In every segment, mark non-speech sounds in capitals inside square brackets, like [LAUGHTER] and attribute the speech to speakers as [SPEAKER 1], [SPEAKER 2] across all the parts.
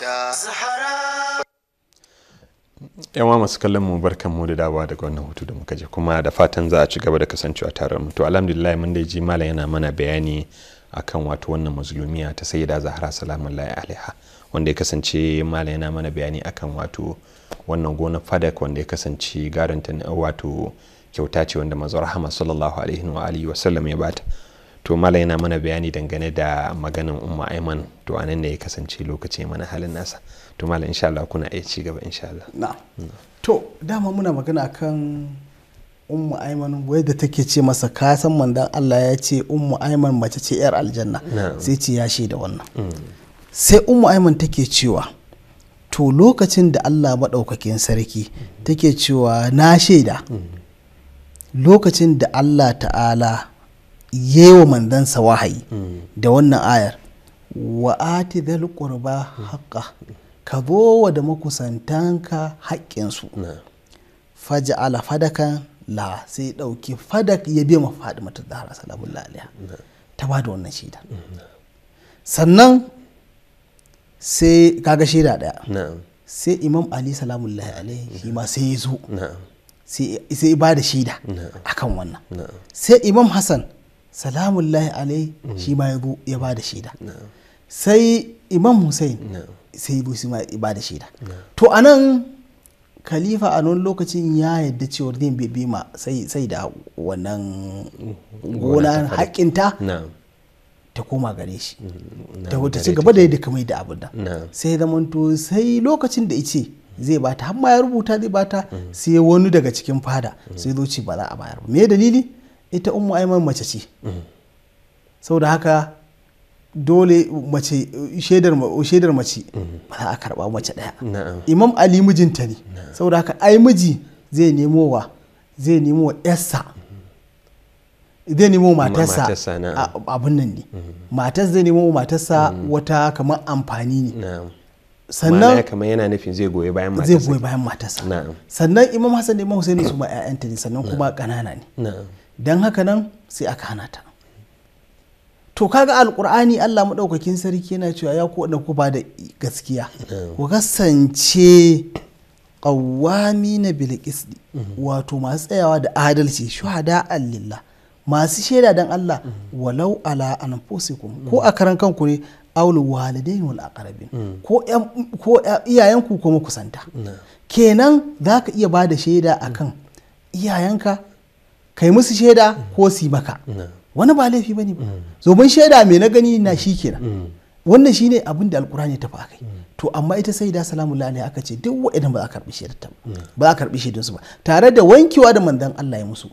[SPEAKER 1] ta
[SPEAKER 2] yawa masu kallon mu barkan mu da dawa daga wannan hutu da muka je kuma da fatan za a ci gaba da kasancewa tare mu to alhamdulillah mun da ji malam yana mana bayani akan wato wannan mazlumiya ta sayyida zahra salamullahi alaiha wanda ya kasance malam yana mana bayani akan wato wannan gonar fadak wanda ya kasance garanta wato kyauta ce wanda manzo rahama sallallahu alaihi wa alihi wa sallam ya bata to mala yana mana bayani dangane da maganin umma aiman to anan ne ya kasance lokaci mana halin nasa to mala insha Allah kuna iya ci gaba insha Allah na mm.
[SPEAKER 1] to dama muna magana kan ummu aiman wai da take ce masa ka san mandan Allah ya ce ummu aiman mace ce yar aljanna sai ce ya da wannan mm. sai umma aiman take cewa to lokacin da Allah maɗaukakin sarki take cewa na shaida mm. lokacin da Allah ta'ala yewa mandansa wahayi hmm. da wannan ayar wa ati dhal qurba haqqa ka zo wa da makusantanka haƙƙinsu faja ala fadakan la sai ɗauki fadak ya bi mafi ta mata da hara salamun ta ba da wannan shaida sannan sai kaga shaida ɗaya sai imam ali salamun alaihi shi ma sai ya zo sai ba da shaida akan wannan sai imam hassan salamun lahi alai mm. shi ma ya ba da shaida sai imam hussein sai ya ma ba da shaida to a nan kalifa a nan lokacin ya yadda cewar zai bi ma sai da wannan mm. gona haƙinta ta koma gare shi mm. ta wata ci gaba da yadda kamar da abin da sai to sai lokacin da ice zai bata har ma ya rubuta zai bata sai wani daga cikin fada sai zo ce ba za a bayar ba me dalili ita ummu aiman mace ce mm-hmm. saboda haka dole mace shaidar mace mm-hmm. ba za a karba mace daya imam ali mijinta ne saboda haka ai miji zai nemo wa zai nemo wa yarsa mm-hmm. zai nemo matarsa abin nan ne matar zai nemo matarsa wata kamar amfani ne sannan
[SPEAKER 2] kamar yana nufin zai goyi bayan matarsa zai goyi bayan matarsa
[SPEAKER 1] sannan imam hassan mahusai husaini su ma 'ya'yanta ne sannan kuma ƙanana ne don haka nan sai aka hana ta to kaga alkur'ani allah maɗaukakin sarki yana cewa ya ku ku ba da gaskiya ku kasance ƙawwami na bilkisdi mhm. wato masu tsayawa da adalci shuhada allila masu shaida don allah mhm. walau ala anfusikum ko a karan kanku ne aulu walidain wal aqrabin mhm. ko ko iyayenku ko makusanta kenan zaka iya ba da shaida akan iyayenka kai musu shaida ko su maka mm. wani ba laifi bane ba mm. zoben shaida mai na gani na shi kenan mm. wannan shine abin da alkurani ta faɗa kai to amma ita sai da salamu alaiha aka ce duk wa'idan ba a karbi shaidar ta ba a karbi shaidar su ba tare da wankewa da manzon Allah ya musu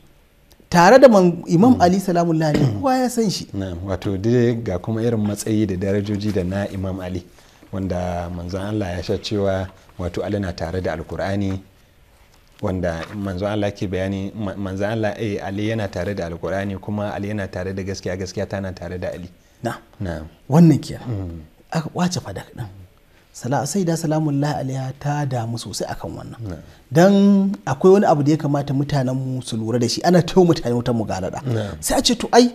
[SPEAKER 1] tare da imam ali salamu alaihi kowa ya san shi
[SPEAKER 2] wato dai ga kuma irin matsayi da darajoji da na imam ali wanda manzon Allah ya sha cewa wato Allah na tare da alkur'ani wanda manzo Allah ke bayani manzo Allah eh Ali yana tare da alkur'ani kuma Ali yana tare da gaskiya gaskiya tana tare da Ali na na
[SPEAKER 1] wannan kiya mm. aka kwace fada kadan sala sai da salamullahi alaiha ta damu sosai akan wannan dan akwai wani abu da ya kamata mutanen mu su lura da shi ana tawo mutane wutan mugalada sai a ce to ai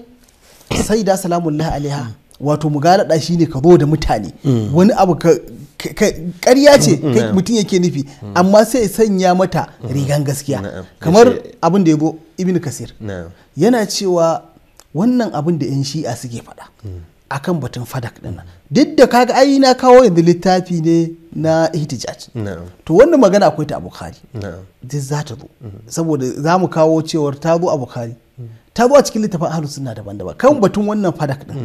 [SPEAKER 1] sai da salamullahi alaiha mm. wato mu shi shi ka zo da mutane mm. wani abu ka ce mm, mutum yake nufi mm. amma sai sanya mata rigan gaskiya kamar abin da ya bo ibn kasir yana cewa wannan abin da 'yan shi'a suke faɗa kan batun fadak din duk da kaga ai na kawo yanzu littafi ne na ihtijaj to wannan magana akwai ta a bukhari duk za ta zo saboda za mu kawo cewar ta zo a ta zo a cikin littafin ahlus sunna daban-daban kan batun wannan fadak din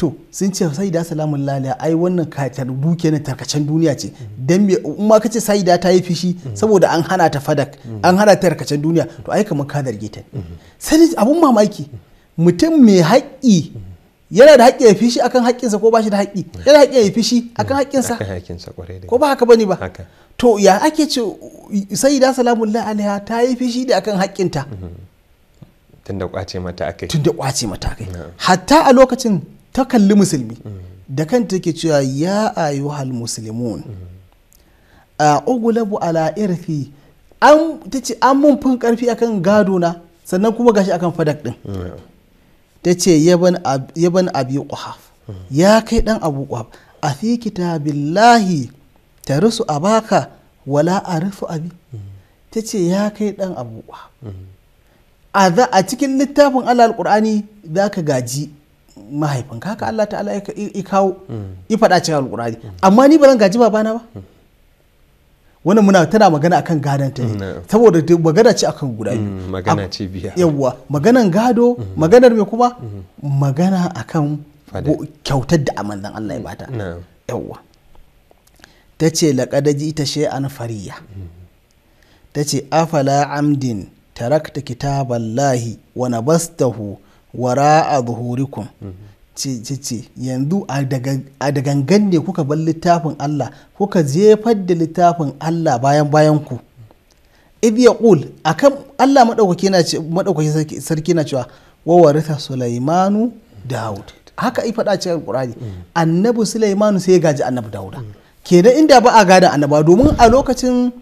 [SPEAKER 1] to sun ce sai da salamun laliya ai wannan kacar duke na tarkacen duniya ce dan me in ma kace saida ta yi fishi saboda an hana ta fadak an hana ta tarkacen duniya to ai kamar ka zarge ta sai abun mamaki mutum mai haƙƙi yana da haƙƙi ya fishi akan haƙƙinsa ko ba shi da haƙƙi yana da haƙƙi ya fishi akan haƙƙinsa ko ba haka bane ba to ya ake ce sai da salamun laliya ta yi fishi da akan haƙƙinta
[SPEAKER 2] tunda kwace mata akai tunda
[SPEAKER 1] kwace mata akai hatta a lokacin ta kalli musulmi da kanta take cewa ya ayyuhal musulmun a ugulabu ala irfi an tace an mun fin karfi akan gado na sannan kuma gashi akan fadak din ta ce yaban abi kuhaf ya kai dan abu kuhaf a fi kitabillahi a baka wala rufu abi ta ce ya kai dan abu kuhaf a cikin littafin Allah za ka gaji mahaifin haka Allah ta'ala ya kawo ya faɗa cikin alƙurari. amma ni ba zan gaji babana ba wannan muna tana magana akan gadon ta ne mm. saboda magana ce akan guda biyu mm, magana ce biya yawwa maganan gado mm. maganar me kuma magana akan kyautar da amandan Allah ya bata yawwa ta ce laƙadaji ita shay'an fariya ta ce afala amdin tarakta kitaballahi wa nabastahu wara a zuhurikun ce yanzu a dagangan ne kuka bar littafin Allah kuka jefar da littafin Allah bayan bayan ku idh ya akan Allah kan na sarki na cewa wa warita sulaimanu daud haka i faɗa cikin ƙurari annabi sulaimanu sai gaji annabi dauda kenan inda ba a gada annaba domin a lokacin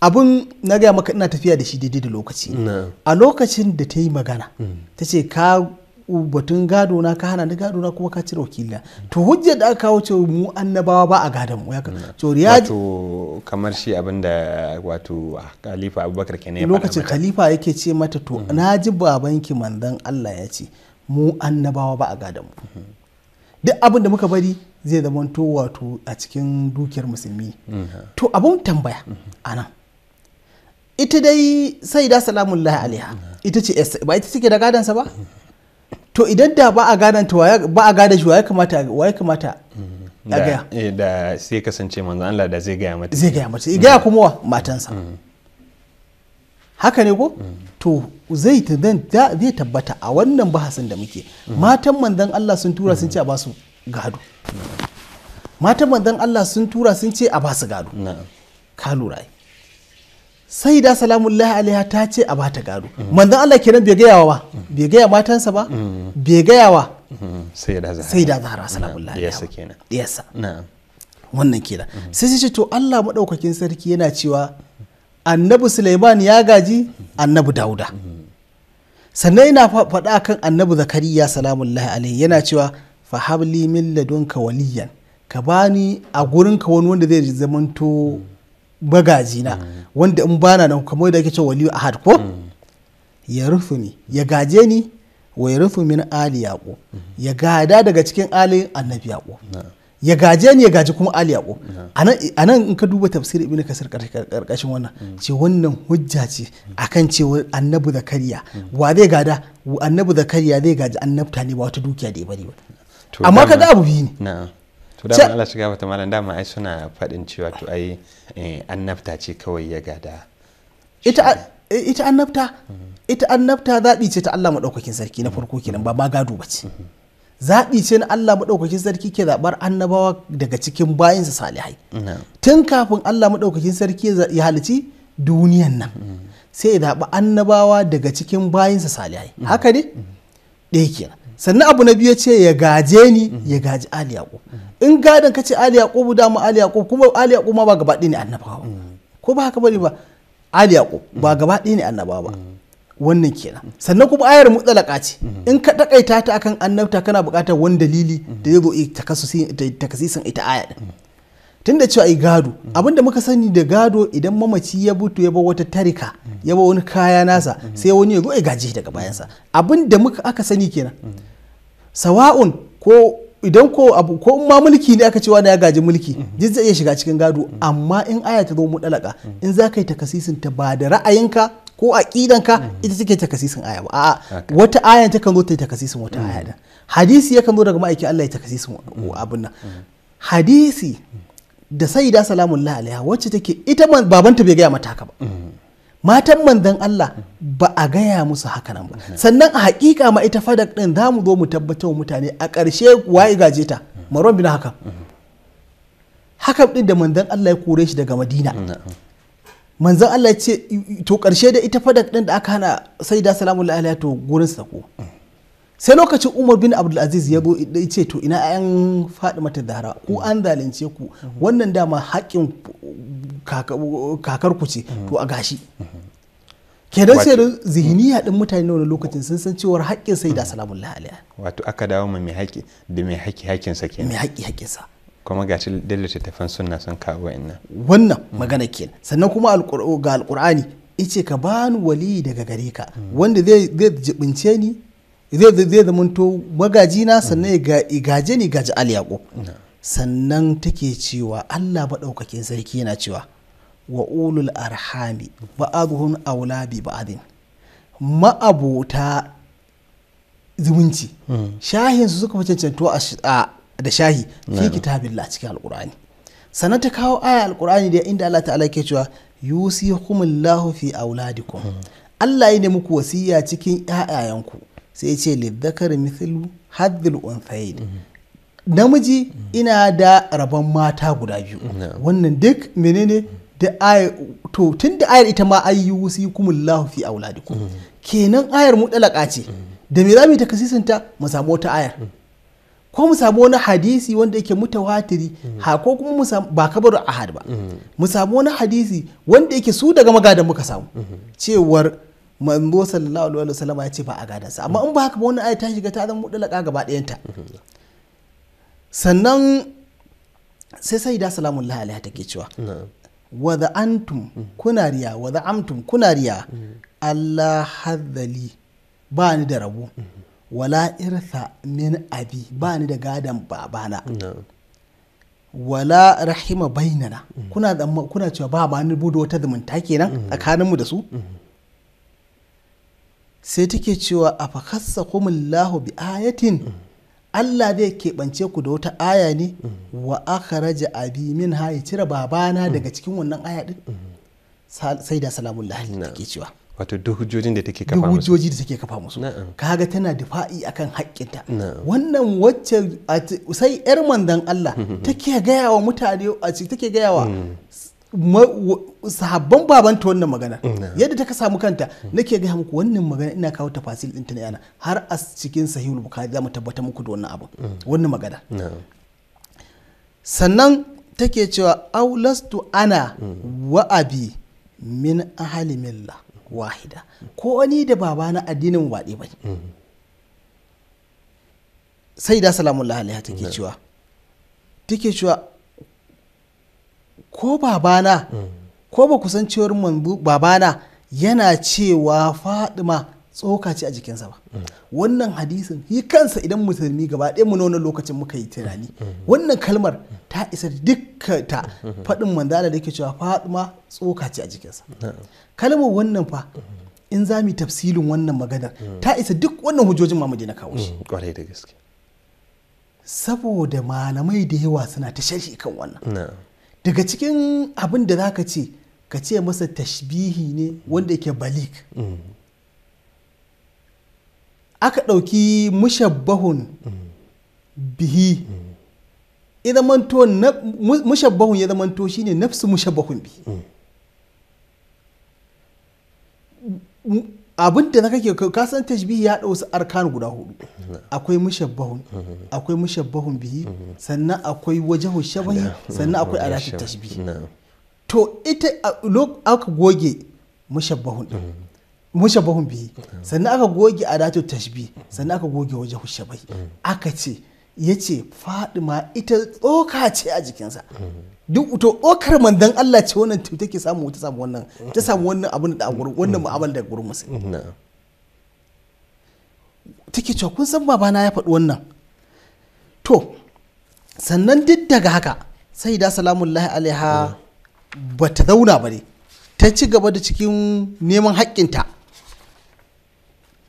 [SPEAKER 1] abun na gaya maka ina tafiya da shi daidai da lokaci a lokacin da ta yi magana hmm. ta ce ka batun gado na ka hana ni gado na kuma ka cire wakilina to hujja da aka kawo ce mu annabawa ba a gadon mu ya
[SPEAKER 2] wato kamar shi abin da wato khalifa abubakar kenan ya lokacin
[SPEAKER 1] khalifa yake ce mata to hmm. na ji babanki manzon Allah ya ce mu annabawa ba a gadon mu hmm. duk abin da muka bari zai zamanto wato a cikin dukiyar musulmi to abun tambaya anan ita dai sai da salamun lahi alaiha ita ce ba ita take da gadansa ba to idan da ba a gadan ta ba a gada shi waye kamata waye kamata a gaya
[SPEAKER 2] eh, da sai kasance manzo Allah da zai gaya mata zai gaya mata gaya kuma
[SPEAKER 1] wa matansa mm. haka ne ko mm. to zai zai tabbata a wannan bahasin da muke mm. matan manzon Allah sun tura sun ce a basu gado matan manzon Allah sun tura sun ce a basu gado ka lura sai da salamullahi alaiha ta ce a bata gado manzon Allah kenan bai gaya wa bai gaya matansa ba bai gaya wa sai da zahara salamun da zahara salamullahi alaiha kenan yasa wannan kenan sai sai ce to Allah madaukakin sarki yana cewa annabi Sulaiman ya gaji annabi Dauda sannan yana faɗa kan annabi Zakariya salamullahi alaihi yana cewa fahabli min ladunka waliyan ka bani a gurinka wani wanda zai zamanto na wanda in bana nan kamar da ake cewa waliyu ahad ko ya rufu ni ya gaje ni wa ya rufu min ali yaqo ya gada daga cikin ali annabi yaqo ya gaje ni ya gaji kuma ali yaqo anan in ka duba tafsir ibn kasir karkashin wannan mm. ce wannan hujja ce akan cewa annabi zakariya wa zai gada annabi zakariya zai gaji annabta ne ba wata dukiya da ya bari ba
[SPEAKER 3] amma kaga abu biyu ne
[SPEAKER 1] to da Allah
[SPEAKER 2] shiga wata malam dama ai suna faɗin cewa to ai eh, annabta ce kawai ya gada
[SPEAKER 1] ita eh, ita annabta mhm. ita annabta zaɓi ce ta Allah maɗaukakin sarki na farko kenan ba ma gado ba ce mhm. zaɓi ce na Allah maɗaukakin sarki ke zaɓar annabawa daga cikin bayansa salihai tun kafin Allah maɗaukakin sarki ya halici duniyan nan mhm. sai ya zaɓi annabawa daga cikin bayansa salihai haka ne ɗaya kenan sannan abu na biyu ce ya gaje ni ya gaji ali yaqub in gadon ka ce ali yaqub da mu kuma ali ma ba gaba ne annabawa ko ba haka bane ba ali ba gaba ne annabawa ba wannan kenan sannan kuma ayar mutsalaka ce in ka takaita ta akan annabta kana buƙatar wani dalili da zai zo takasisin ita aya din tun da cewa ai gado abinda muka sani da gado idan mamaci ya butu ya bar wata tarika ya bar wani kaya nasa sai wani ya zo ya gaje daga bayansa abinda muka aka sani kenan sawa'un ko idan ko abu ko in ma mulki ne aka cewa na ya gaji mulki duk zai iya shiga cikin gado amma in aya ta zo mu dalaka in za ka yi takasisin ta ba da ra'ayinka ko aqidanka ita take takasisin aya ba a'a wata aya ta kan zo ta yi takasisin wata aya da hadisi ya kan zo daga ma'aikin Allah ya takasisin mm. abin nan hadisi da sayyida salamullahi alaiha wacce take ita babanta bai gaya mata ka ba mm. matan manzan Allah ba a gaya musu haka nan ba sannan a hakika ma ita fadak din za mu zo mu tabbatar wa mutane a ƙarshe waye gaje ta maron bin haka haka din da manzon Allah ya kore shi daga Madina manzon Allah ya ce to ƙarshe da ita fadak din da aka hana sai da salamu alaihi to gurin sako sai lokacin umar bin abdulaziz ya ya ce to ina an faɗi mata dara ku an zalunce ku wannan dama haƙƙin kakarku ce mm-hmm. to a gashi kenan sai da zihiniya din mm-hmm. mutane wani lokacin sun san cewar haƙƙin sai da mm-hmm. salamun lahaliya
[SPEAKER 2] wato aka dawo mai haƙƙi da mai haƙƙi haƙƙinsa ke kenan mai haƙƙi haƙƙin kuma ga dalla littattafan sunna sun kawo wa'annan
[SPEAKER 1] wannan magana kenan sannan kuma ga alƙur'ani ice ka bani wali daga gare ka wanda zai jibince ni zai magaji na sannan ya gaje ni gaji al yaqub sannan take cewa Allah maɗaukakin sarki yana cewa wa ulul arhami ba'aduhum aula bi ba'adin ma'abota zumunci hmm. shahin su suka cancanto da shahi fi kitabillah cikin alqur'ani sannan ta kawo aya alqur'ani da inda Allah ta'ala ke cewa yusikumullahu fi auladikum hmm. Allah ya ne muku wasiya cikin yayayanku sai ce lidakar mithilu haddil namiji ina da rabon mata guda biyu wannan duk menene da ayar to tun da ayar ita ma ayi wusi kumullahu fi auladikum mm. kenan ayar mutalaka ce mm. da me zamu ta kasisinta mu samu wata ayar mm. ko mu samu wani hadisi wanda yake mutawatiri ha ko kuma mu samu ba kabaru ahad ba mu samu wani hadisi wanda yake su daga magadan muka samu cewar manzo sallallahu alaihi wasallam ya ce ba a sa amma in ba haka ba wannan ayat ta shiga ta zama mudalaka gaba ɗayanta sannan sai sai da salamun lahi take cewa wadda antum kuna riya wadda amtum kuna riya Allah haddali ba ni da rabu wala irsa min abi ba ni da gadon babana wala rahima bainana kuna cewa ba ba ni bude wata zumunta kenan mhm. tsakaninmu da su mhm. sai take cewa a fakassa kumullahu bi ayatin mm. Allah zai keɓance ku da wata aya ne mm. wa aka raja abi min ha ya cire babana mm. daga cikin wannan aya din sai da salamun lahi take cewa wato duk
[SPEAKER 2] hujjojin da take kafa musu hujjoji
[SPEAKER 1] da take kafa musu kaga tana difa'i akan haƙƙinta wannan wacce sai yar mandan Allah [LAUGHS] take gaya wa mutane a take gaya sahabban babanta wannan magana mm, yadda ta ka samu kanta nake gaya muku wannan magana ina kawo tafasil din na yana har a cikin sahihul bukhari za mu tabbatar muku da wannan abu mm. wannan magana sannan take cewa aulastu ana mm. wa abi min ahli milla wahida ko ni da babana addinin waɗe ba sai da salamun lahalaiha take cewa take cewa ko babana ko ba kusancewar manzo babana yana cewa fadima tsoka ce a jikinsa ba wannan hadisin yi kansa idan musulmi gaba ɗaya mu nuna lokacin muka yi tunani wannan kalmar ta isa dukkan ta faɗin manzala da yake cewa fadima tsoka ce a jikinsa kalmar wannan fa in za mu tafsilin wannan maganar ta isa duk wannan hujjojin ma na
[SPEAKER 2] kawo shi kwarai mm, da gaske
[SPEAKER 1] saboda malamai da yawa suna ta sharhi kan wannan daga cikin abin da za ka ce ka ce masa tashbihi ne wanda yake balik aka ɗauki mushabbahun bihi manto mushabbahun ya zamanto shine nafsu mushabbahun bihi abin da kake kasan tashbihi ya ɗau su arkan guda hudu akwai mushabbahun akwai mushabbahun bihi sannan akwai wajahu shabahi sannan akwai alatun tashbi to ita aka goge mushabbahun mushabbahun bihi sannan aka goge alatu tashbi sannan aka goge wajahu shabahi aka ce ya ce fadima ita tsoka ce a jikinsa duk to okar mandan Allah ce wannan take samu ta samu wannan ta samu wannan abin da wannan mu'amala da gurin musulmi take cewa kun san babana ya faɗi wannan to sannan duk daga haka sai da salamullahi alaiha eh. ba ta zauna ba ne ta ci gaba da cikin neman haƙƙinta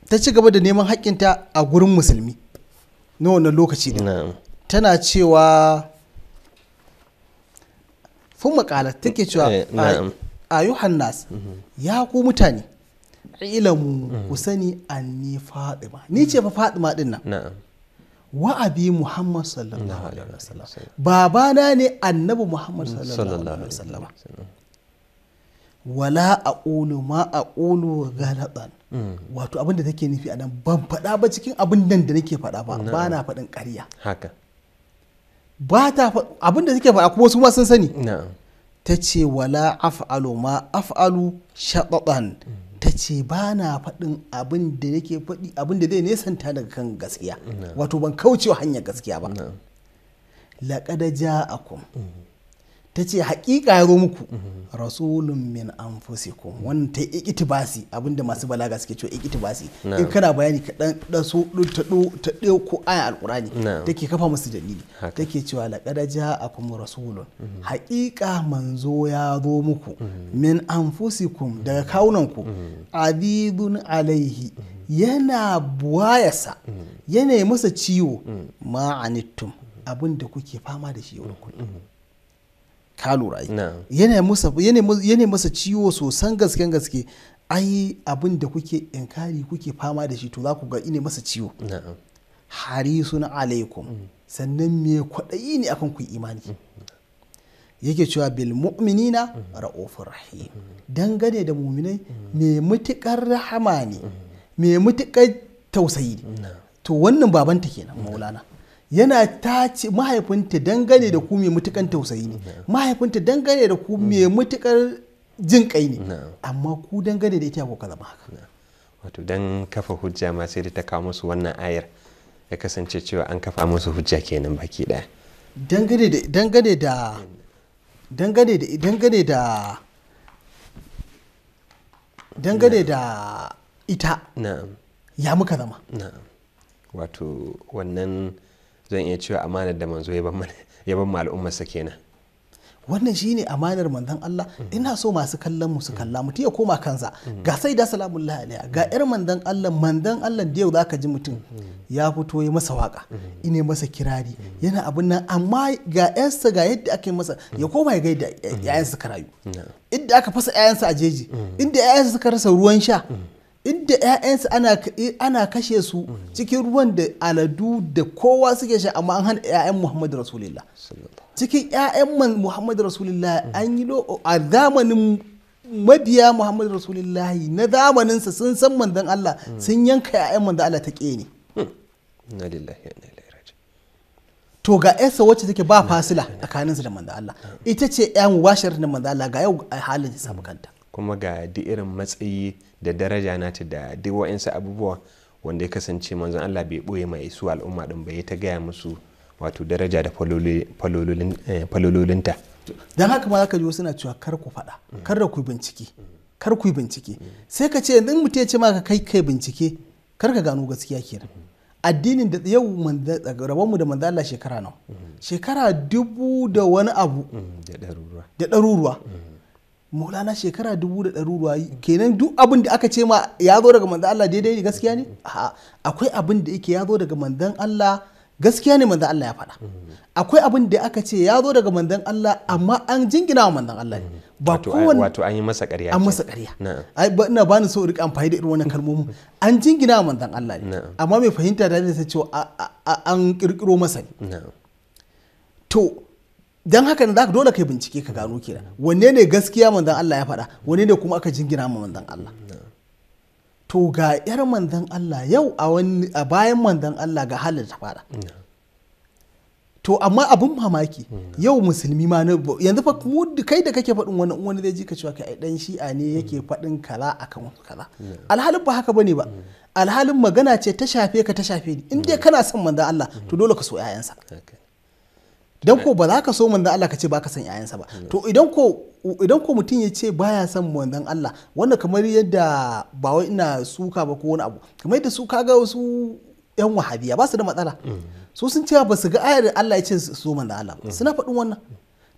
[SPEAKER 1] ta ci gaba da neman haƙƙinta a gurin musulmi na wannan lokaci ne tana cewa fun makala take cewa eh, a yohannas mhm. ya ku mutane ilamu ku mm. sani anni fatima ni ce fa fatima din nan wa abi muhammad sallallahu alaihi wasallam babana ne annabi muhammad mm, sallallahu alaihi wasallam wala aqulu ma aqulu ghalatan mm. wato abin da take nufi anan ban faɗa ba cikin abin nan da nake faɗa ba ba na faɗin ƙarya haka ba ta abin da take faɗa kuma su ma sun sani ta ce wala af'alu ma af'alu shaɗaɗan ta ce ba na faɗin abin da yake faɗi abin da zai nesanta daga kan gaskiya wato ban kaucewa hanyar gaskiya ba laƙada akum mm. ta ce haƙiƙa ya muku rasulun min anfusikum wannan ta ikitibasi abinda masu balaga suke cewa basi, in kana bayani ka dan da so ta do ta do ko aya alqurani take kafa musu dalili take cewa laqad ja'akum rasulun mhm. haƙiƙa manzo ya zo muku mhm. min anfusikum daga mhm. kawunanku azizun alaihi yana buwayasa yana masa ciwo ma'anittum abin da kuke fama da shi yau da kullum ka lura yana masa ciwo sosan gasken gaske ai abin da kuke inkari kuke fama da shi to za ku ga ine masa ciwo suna alaikum mm. sannan me kwaɗayi ne akan ku imani mm. yake cewa bil mu'minina mm. ra'ufur rahim dangane da mu'minai me mutukar rahama ne me mutukar tausayi to wannan babanta kenan maulana yana tace mahaifinta dangane da ku mutukan tausayi ne mahaifinta dangane da ku mai mutukar mm. jin kai ne amma ku dangane da ita ko ka zama haka
[SPEAKER 2] wato dan kafa hujja ma sai da ta kawo musu wannan ayar ya kasance cewa an kafa musu hujja kenan baki daya
[SPEAKER 1] dangane da dangane da dangane da dangane da dangane da ita ya muka zama
[SPEAKER 2] wato wannan zan iya cewa amanar da manzo ya ban [LAUGHS] al'ummarsa
[SPEAKER 1] kenan wannan shi ne amanar manzon Allah ina so masu kallon mu su kalla mutum ya koma kansa ga sai da salamun alaiha ga yar manzon Allah manzon Allah da yau zaka ji mutum ya fito ya masa waka ine masa kirari yana abin nan amma ga yansa ga yadda ake masa ya koma ya gaida yayansa karayu inda aka fasa yayansa a jeji inda yayansa suka rasa ruwan sha inda 'ya'yansu eh, ana kashe su cikin ruwan da aladu da kowa suke sha amma an hana 'ya'yan muhammadu rasulillah cikin 'ya'yan man muhammadu rasulillah an yi a zamanin mabiya muhammadu rasulillah na zamaninsa sun san manzon allah hmm. sun yanka 'ya'yan manzon allah ta ƙe hmm.
[SPEAKER 2] ne
[SPEAKER 1] to ga yasa wacce take ba fasila tsakaninsa da manzon allah hmm. ita ce 'ya'yan washar da manzon allah ga yau a halin sa kanta
[SPEAKER 2] kuma ga duk irin matsayi da daraja nata da duk wa'insu abubuwa wanda ya kasance manzon Allah bai ɓoye mai su al'umma ɗin bai ta gaya musu wato daraja da eh, falololinta.
[SPEAKER 1] don haka ma zaka ji wasu na cewa kar ku faɗa kar da ku bincike kar ku bincike sai ka ce in mutum ya ce maka kai kai bincike kar ka gano gaskiya kenan addinin da yau rabonmu da manzo Allah shekara nawa mm. shekara dubu da wani abu mm, da ɗaruruwa mm. maulana shekara dubu da yi kenan duk abin da aka ce ma ya zo daga manzan Allah daidai ne gaskiya ne akwai abin da yake ya zo daga manzan Allah gaskiya ne manzan Allah ya faɗa akwai abin da aka ce ya zo daga manzan Allah amma an jingina wa manzan Allah ne ba kowanne wato
[SPEAKER 2] an yi masa ƙarya an masa
[SPEAKER 1] ƙarya ai ina bani so rika amfani da irin wannan kalmomi an jingina wa manzan Allah ne amma mai fahimta da zai cewa an kirkiro masa ne to dan haka ne zaka dole kai bincike ka gano kenan wanne ne gaskiya manzon Allah ya faɗa wanne ne kuma aka jingina ma manzon Allah to ga yar manzon Allah yau a wani a bayan manzon Allah ga halin ta fara to amma abun mamaki yau musulmi ma na yanzu fa kai da kake faɗin wani wani zai ji ka cewa kai dan shi'a ne yake faɗin kaza akan wasu kaza alhalin ba haka bane ba alhalin magana ce ta shafe ka ta shafe ni in dai kana son manzon Allah to dole ka so 'ya'yansa idan ko ba za ka so manzon Allah ka ce ba ka san yayansa ba to idan ko idan ko mutum ya ce baya son manzon Allah wanda kamar yadda ba wai ina suka ba ko wani abu kamar yadda su kaga wasu yan wahabiya ba su da matsala su sun cewa ba su ga ayar Allah ya ce su manzon Allah suna faɗin wannan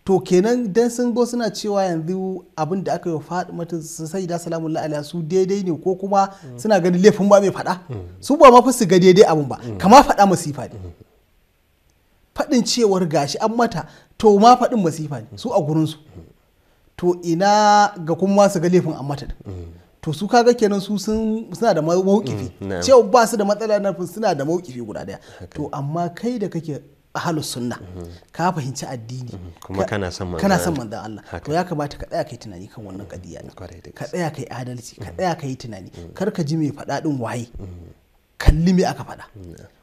[SPEAKER 1] to kenan dan sun go suna cewa yanzu abin da aka yi su sai da salamun alaiha su daidai ne ko kuma suna ganin laifin ba mai faɗa su ba ma fa su ga daidai abun ba kama fada masifa ne faɗin cewar gashi an mata to ma faɗin masifa ne su a gurinsu to ina ga kuma su ga laifin an mata to su kaga kenan su suna da mawukifi mm, cewa ba su da matsala na suna da mawukifi guda daya to amma kai da kake ahalus sunna mm-hmm. ka fahimci addini mm-hmm. kuma kana
[SPEAKER 2] son manzon Allah to
[SPEAKER 1] ya kamata ka tsaya kai tunani kan wannan kadiya mm-hmm. ka tsaya kai adalci ka tsaya kai tunani kar ka ji mai faɗa din waye kalli me aka faɗa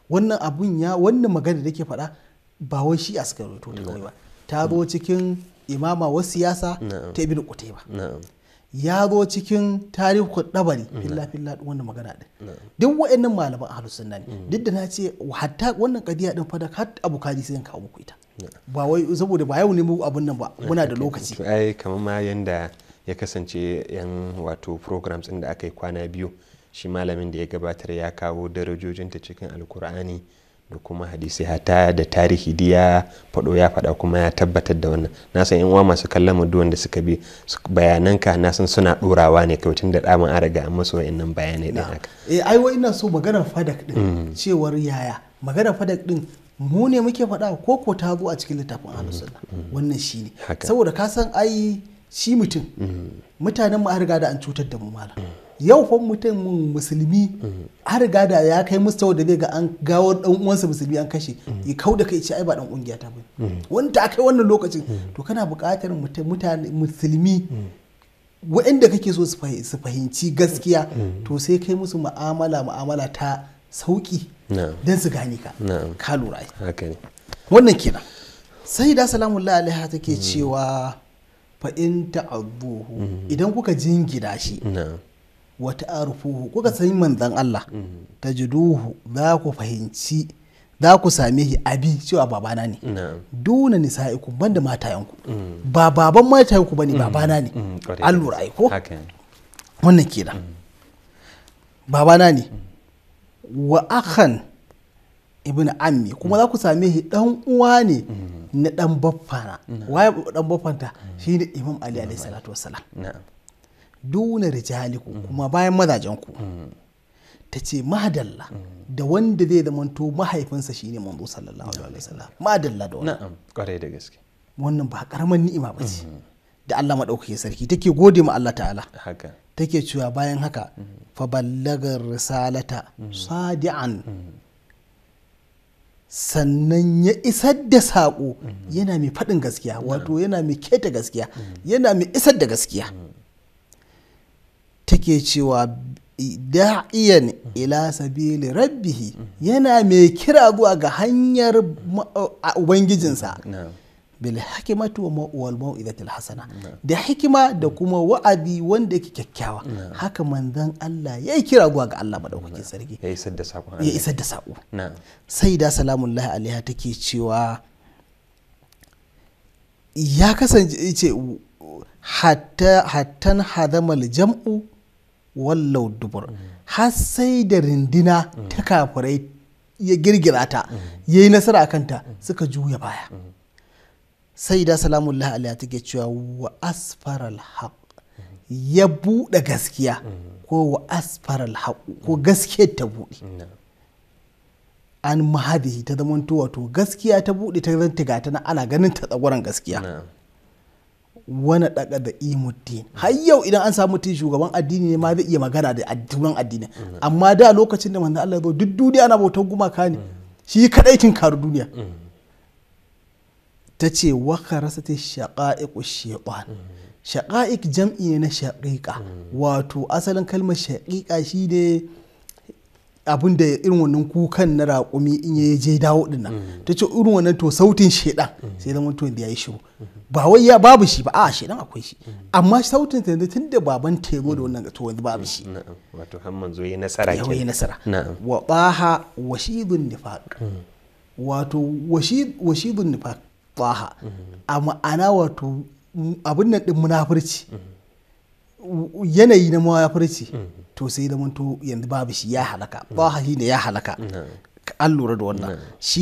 [SPEAKER 1] wannan abun ya wannan magana da ke faɗa ba wai shi a suka ba ta zo cikin imama wasu siyasa ta ibn qutayba ya zo cikin tarihin dabari filla filla wanda magana din duk waɗannan malaman ahlus sunna ne mm. duk da na ce hatta wannan kadiya din fa da hatta abu kaji sai kawo muku ita ba wai saboda ba yau ne mu abun nan ba muna da lokaci
[SPEAKER 2] ai kamar ma yanda ya kasance yan wato programs din da aka yi kwana biyu shi malamin da ya gabatar ya kawo darajojinta cikin alkur'ani da kuma hadisi hata da tarihi ya faɗo ya faɗa kuma ya tabbatar da wannan na san yan uwa masu kallon muduwan da suka bi bayananka na san suna dorawa ne kai tun da daman an riga an musu wa'annan bayanai din haka
[SPEAKER 1] eh ai ina so maganar fadak din mm. cewar yaya maganar fadak din mu ne muke faɗa ko ko ta zo a cikin littafin ahlus mm. sunna mm. wannan shine saboda ka san ai shi mutum mutanen mu an riga da an cutar da mu malam yau fa mutum musulmi har riga da ya kai mustawa da zai ga an gawo dan uwansa musulmi an kashe ya kau da kai ce ai ba dan kungiya ta bane wani ta kai wannan lokacin to kana buƙatar mutane musulmi waɗanda kake so su fahimci gaskiya to sai kai musu mu'amala mu'amala ta sauki Dan su gane ka ka lura wannan kenan sai da salamun alaiha take cewa in ta'abbuhu mm-hmm. idan kuka jingida shi wa ta'arufuhu kuka san manzon Allah mm-hmm. tajiduhu za ku fahimci za ku same shi abi cewa babana ne duna nisa'iku banda matayanku mm. ba baban matayanku bane mm. babana ne
[SPEAKER 3] mm, an lura ai ko
[SPEAKER 1] wannan kenan babana ne wa akhan ibn ammi kuma za ku same shi dan uwa ne na dan baffana waye dan baffanta shine imam ali alaihi salatu wassalam duna rijaliku kuma bayan mazajenku ta ce mahadalla da wanda zai zamanto mahaifinsa shine manzo sallallahu alaihi wasallam madalla da wannan kwarai da gaske wannan ba karaman ni'ima ba ce da Allah madaukake sarki take gode ma Allah ta'ala haka take cewa bayan haka fa ballagar risalata sadi'an sannan ya isar da sako yana mai faɗin gaskiya wato yana mai keta gaskiya yana mai isar da gaskiya take cewa da'iyan ila sabili rabbihi yana mai kira zuwa ga hanyar ubangijinsa bil hikimatu wa wal mau'izatil hasana da hikima da kuma wa'azi wanda yake kyakkyawa haka manzon Allah ya kira zuwa ga Allah madaukakin sarki ya isar da sako ya isar da sako sai da salamullahi alaiha take cewa ya kasance hatta hattan hadamal jam'u wallau dubur har sai da rindina ta kafirai ya girgira ta ya yi nasara a kanta suka juya baya sai da salamullahi alaiha take cewa wa asfaral haq ya buɗe gaskiya ko wa asfaral haq ko gaskiyar ta buɗe an mahadi ta zamanto wato gaskiya ta buɗe ta zanta gata na ana ganin ta tsagoran gaskiya wani daga da imuddin har yau idan an samu mutum shugaban addini ne ma zai iya magana da turan addini amma da lokacin da manzo Allah zo duk duniya na bautar gumaka ne shi kadai kin karu duniya ta ce waka rasa ta shaƙa'iƙu shaiƙan shaƙa'iƙ jam'i ne na shaƙiƙa wato asalin kalmar shaƙiƙa shi ne abin da irin wannan kukan na raƙumi in ya je dawo dinnan ta ce irin wannan to sautin shedan sai zama to da ya yi shiru ba wai ya babu shi ba a shedan akwai shi amma sautin ta yanzu tunda baban tebo da wannan to wanzu babu shi
[SPEAKER 2] wato hamman zo yi nasara ya yi nasara
[SPEAKER 1] wa baha washidun nifaq wato washidun nifaq baha a ma'ana wato abin nan din munafurci yanayi na munafurci to sai da manto yanzu babu shi ya halaka ba ne ya halaka an lura da wannan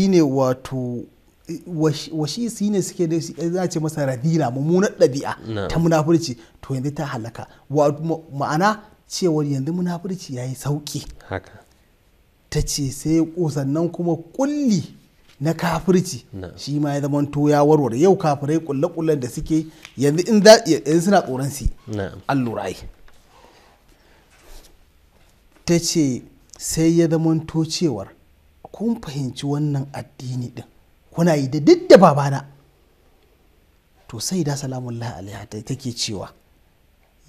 [SPEAKER 1] ne wato washi su ne suke da eh, za ce masa radina mummunar ɗabi'a ta munafurci to yanzu ta halaka ma'ana cewar yanzu munafurci ya yi sauƙi ta ce sai sannan kuma kulli na kafirci shi ma ya zama to ya warware yau kafirai kulle-kullen da suke yanzu in suna tsoron si an lura ta ce sai ya zamanto cewar kun fahimci wannan addini din kuna yi da duk da babana to sai da salamullahi alaiha take cewa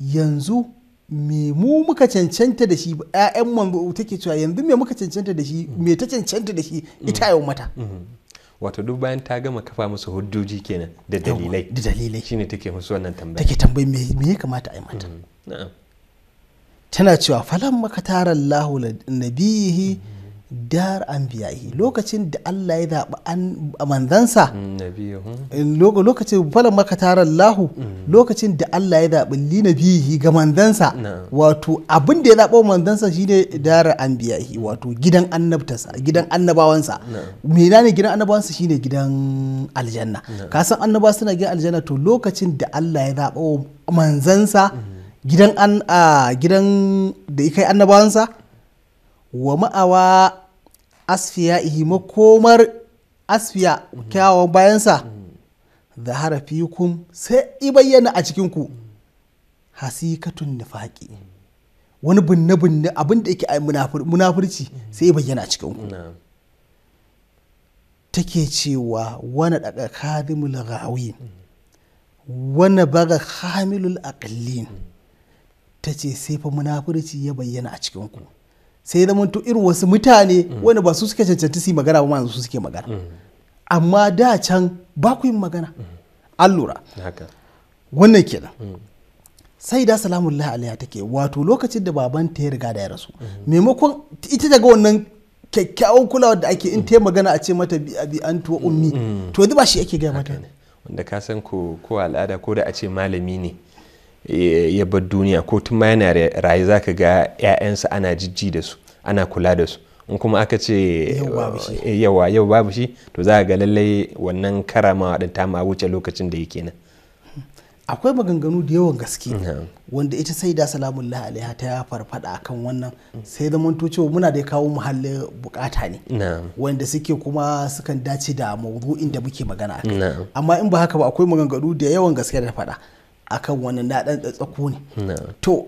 [SPEAKER 1] yanzu me mu muka cancanta da shi ƴaƴan manzo take cewa yanzu me muka cancanta da shi me ta cancanta da shi ita yau mata
[SPEAKER 2] mm-hmm. Mm-hmm. wato duk bayan ta gama kafa musu hujjoji kenan da dalilai da dalilai shine take musu wannan tambaya take tambayi
[SPEAKER 1] me ya kamata a yi mata mm-hmm. na'am tana cewa falan makatarar lahu nabiyihi dar an biyahi lokacin da Allah ya zaɓi manzansa lokacin falan makatar Allah mm. lokacin da Allah ya zaɓi li nabiyihi ga manzansa wato abin da ya zaɓa manzansa shine dar an biyahi wato gidan annabtarsa gidan annabawansa mena ne gidan annabawansa shine gidan aljanna kasan annabawa suna gidan aljanna to lokacin da Allah ya zaɓi manzansa mm. gidan an a gidan da kai annabawansa wa ma'awa asfiya ihi makomar asfiya kyawawan bayansa da harafi kun sai i bayyana a cikinku hasikatun nufaki wani binne-binne abin da yake munafurci sai i bayyana a cikinku take cewa wani daga kadimul gawin wani baga hamilul aqlin ta ce sai fa munafurci ya bayyana a cikin ku sai da to irin wasu mutane wanda ba su suke cancanci su magana ba ma su suke magana amma da can ba ku yin magana an lura wannan kenan sai da salamullahi alaiha take wato lokacin da baban ta ya riga da ya rasu maimakon ita daga wannan kyakkyawan kulawar da ake in ta magana a ce mata bi abi an tuwa ummi to yanzu ba shi ake gaya mata ne
[SPEAKER 2] wanda ka san ko al'ada ko da a ce malami ne ya bar duniya ko tun ma yana rayu za ka ga 'ya'yansa ana jijji da su ana kula da su in kuma aka ce yawa eh, yau babu shi to za ga lallai wannan karamawa ɗin ta ma wuce lokacin da
[SPEAKER 1] yake nan akwai maganganu da yawan gaske wanda ita sai da salamun alaiha ta ya farfada akan wannan sai da manto cewa muna da kawo muhalli bukata ne wanda suke kuma sukan dace da maudu'in da muke magana amma in ba haka ba akwai maganganu da yawan gaske da faɗa akan wani na dan tsatsako ne to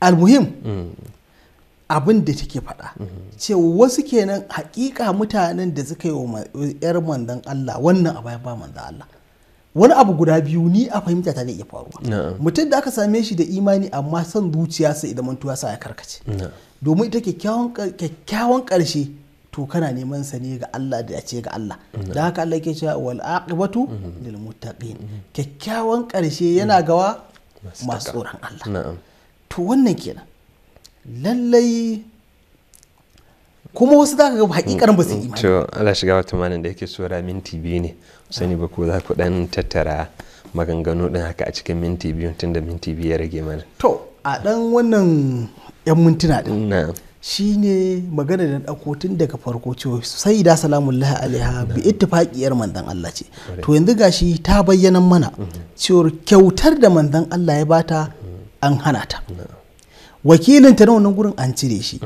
[SPEAKER 1] almuhim mm. abin da take faɗa mm. ce wasu kenan hakika mutanen da suka yi wa yar manzan Allah wannan abu ba manzan Allah wani abu guda biyu ni a fahimta ta ne iya faruwa mutum da aka same shi da imani amma son zuciya sai idan mantuwa sa ya karkace domin ita kyakkyawan karshe to kana neman sa ne ga Allah da ce ga Allah da haka Allah ke cewa wal aqibatu lil muttaqin kyakkyawan karshe yana gawa masu tsoron Allah to wannan kenan lallai kuma wasu za ka ga hakikar ba su yi to
[SPEAKER 2] Allah shiga wata malam da yake sura minti biyu ne sani ba ko za ku dan tattara maganganu din haka a cikin minti biyu tunda minti biyu ya rage mana
[SPEAKER 1] to a dan wannan yan mintuna din shine magana da ɗauko tun daga farko cewa sai da salamullahi alaiha bi ittifaqiyar manzon Allah ce to yanzu gashi ta bayyana mana cewar kyautar da manzon Allah ya bata an hana ta wakilin ta na gurin an cire shi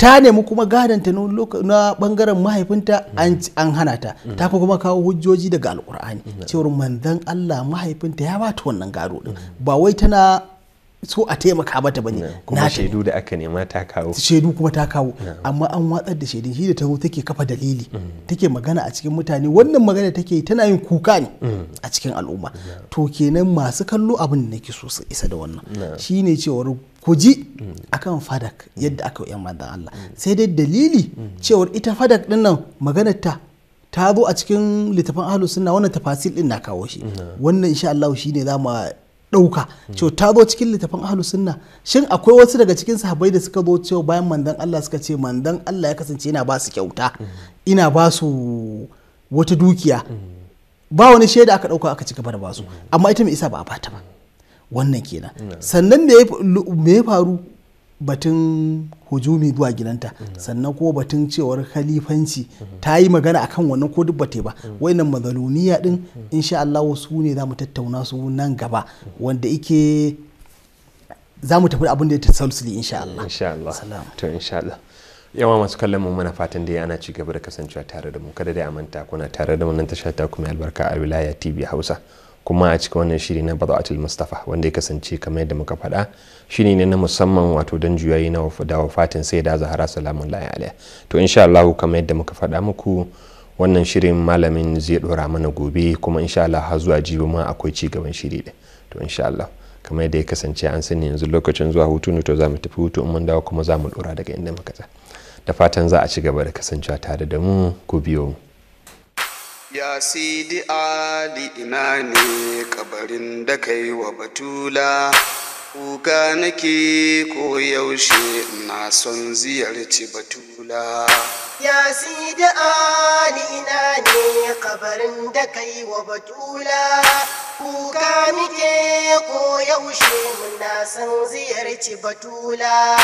[SPEAKER 1] ta nemi kuma gadon ta na bangaren mahaifinta an hana ta ta kuma kawo hujjoji daga alkur'ani cewar manzon Allah mahaifinta ya bata wannan gado ba wai tana so a taimaka mata bane kuma shaidu
[SPEAKER 2] da aka nema ta kawo shaidu
[SPEAKER 1] kuma ta kawo amma an watsar da shaidu shi da ta zo take kafa dalili mm. take magana a cikin mutane wannan magana take tana yin kuka ne mm. a cikin al'umma to kenan masu kallo abin da nake so su isa da wannan shine cewar ku ji mm. akan fadak yadda aka yi manzon Allah sai dai dalili cewar ita fadak din nan maganar ta ta zo a cikin littafin ahlus sunna wannan tafasil din na kawo shi wannan insha Allah shine za mu ɗauka cewa ta zo cikin littafin ahlu sunna shin akwai wasu daga cikin sahabbai da suka zo cewa bayan mandan Allah suka ce mandan Allah ya kasance yana ba su kyauta ina ba su wata dukiya ba wani shaida aka ɗauka aka ci gaba da su amma ita mai isa ba a bata ba wannan kenan sannan me ya faru batun hujumi zuwa gidanta sannan ko batun cewar khalifanci ta yi magana akan wannan ko duk bate ba wayannan mazaluniya din insha Allah su ne za mu tattauna su nan gaba wanda ike za mu tafi abin da ya tasalsuli insha Allah insha Allah
[SPEAKER 2] to insha Allah yawa masu kallon mu muna fatan da ana ci gaba da kasancewa tare da mu kada da amanta kuna tare da nan tasha ta kuma albarka a wilaya TV Hausa kuma a cikin wannan shiri na bada'atul mustafa wanda ya kasance kamar yadda muka faɗa shiri ne na musamman wato don juyayi na da wafatin sai da zahara salamun layi alaiha to insha Allah kamar yadda muka faɗa muku wannan shirin malamin zai ɗora mana gobe kuma insha Allah har zuwa jibi ma akwai ci gaban shiri ɗin to insha Allah kamar yadda ya kasance an sani yanzu lokacin zuwa hutu ne to za mu tafi hutu in mun dawo kuma za mu ɗora daga inda muka tsaya da fatan za a ci gaba da kasancewa tare da mu ku biyo mu
[SPEAKER 1] ya sidi ali ina ne kabarin da kai wa batula kuka nake ko yaushe na son ziyarci batula ya sidi ali ina ne kabarin da kai wa batula kuka muke ko yaushe muna ziyarci batula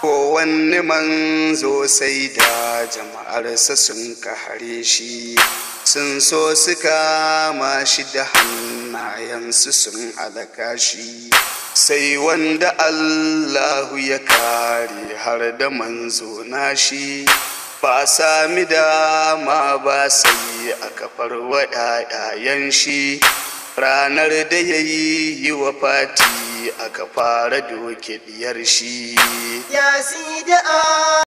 [SPEAKER 1] kowanne manzo sai da jama'ar jama'arsa sun kahare shi sun so su kama shi da hannayensu sun alaka shi sai wanda allahu ya kare har da manzo nashi ba sami dama ba sai a kafar waɗaɗayen shi ranar da ya yi yi wa fati aka fara doke biyar shi ya si da